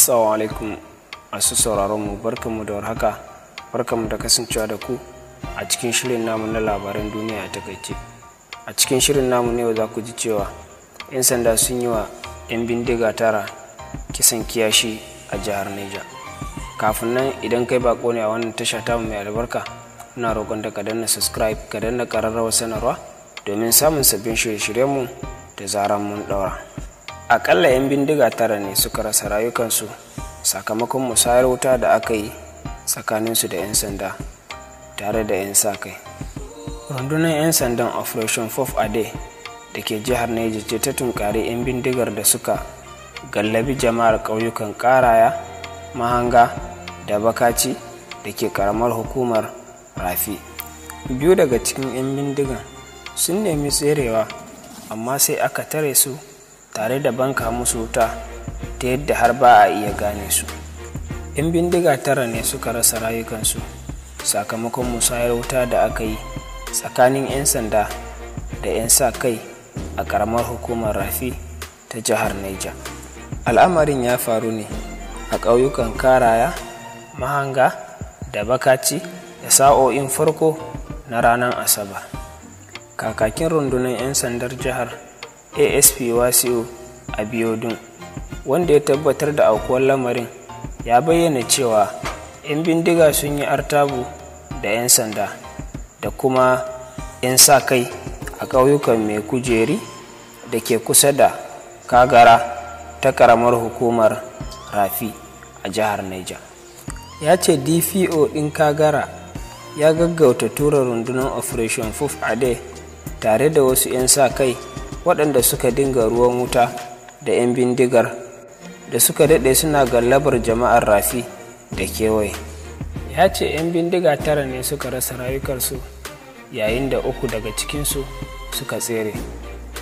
Assalamu alaikum masu sauraron mu barkamu da warhaka barkamu da kasancewa da ku a cikin shirin namu na labaran duniya a takaice a cikin shirin namu ne za ku ji cewa 'yan sanda sun yi wa 'yan bindiga tara kisan kiyashi a jihar Neja kafin nan idan kai bako ne a wannan tasha ta mai albarka ina roƙon da ka danna subscribe ka danna ƙararrawar sanarwa domin samun sabbin shirye-shiryenmu da zaran mun ɗaura. akalla 'yan bindiga tara ne suka rasa rayukansu sakamakon musayar wuta da aka yi tsakaninsu da 'yan sanda tare da 'yan sa-kai rundunar 'yan sandan operation fof a day da ke jihar Niger ce ta tunkari 'yan bindigar da suka gallabi jama'ar ƙauyukan karaya mahanga da bakaci da ke karamar hukumar rafi biyu daga cikin 'yan bindigan sun nemi tserewa amma sai aka tare su tare da banka musu wuta ta yadda har ba a iya gane su in bindiga tara ne suka rasa rayukansu sakamakon musayar wuta da aka yi tsakanin 'yan sanda da 'yan sa kai a karamar hukumar rafi ta jihar Niger. al'amarin ya faru ne a ƙauyukan karaya mahanga da bakaci da sa'o'in farko na ranar asabar kakakin rundunar 'yan sandar jihar asp a biodun wanda ya tabbatar da aukuwar lamarin ya bayyana cewa 'yan bindiga sun yi artabu da 'yan sanda da kuma 'yan sa kai a ƙauyukan mai kujeri da ke kusa da kagara ta karamar hukumar rafi a jihar Niger. ya ce dpo ɗin kagara ya gaggauta tura rundunar operation fuf day tare da wasu 'yan sa kai waɗanda suka dinga ruwan wuta da 'yan bindigar da suka daɗe suna gallabar jama'ar rafi da kewaye ya ce 'yan bindiga tara ne suka rasa rayukarsu yayin da uku daga cikinsu suka tsere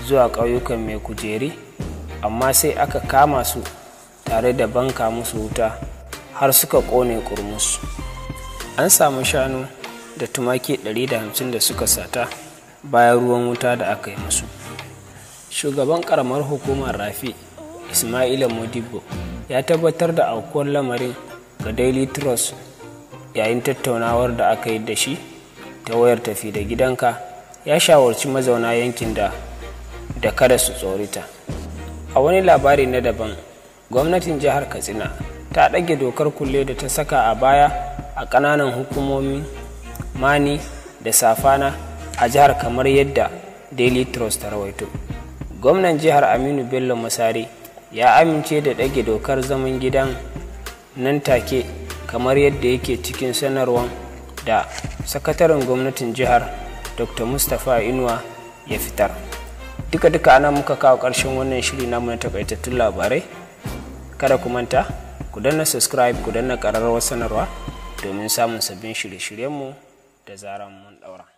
zuwa ƙauyukan mai kujeri amma sai aka kama su tare da banka musu wuta har suka ƙone ƙurmus an samu shanu da tumaki 150 da suka sata bayan ruwan wuta da aka yi musu shugaban karamar hukumar rafi ismaila modibo ya tabbatar da aukuwar lamarin ga daily trust yayin tattaunawar da aka yi da shi ta wayar tafi da gidanka ya shawarci mazauna yankin da da kada su tsorita a wani labari na daban gwamnatin jihar katsina ta ɗage dokar kulle da ta saka a baya a ƙananan hukumomi mani da safana a jihar kamar yadda daily trust ta rawaito gwamnan jihar aminu bello masari ya amince da ɗage dokar zaman gidan nan take kamar yadda yake cikin sanarwar da sakataren gwamnatin jihar dr mustapha inuwa ya fitar duka duka ana muka kawo ƙarshen wannan shiri na na takaitattun labarai kada ku manta ku danna subscribe ku danna ƙararrawar sanarwa domin samun sabbin shirye-shiryenmu da zaran mun ɗaura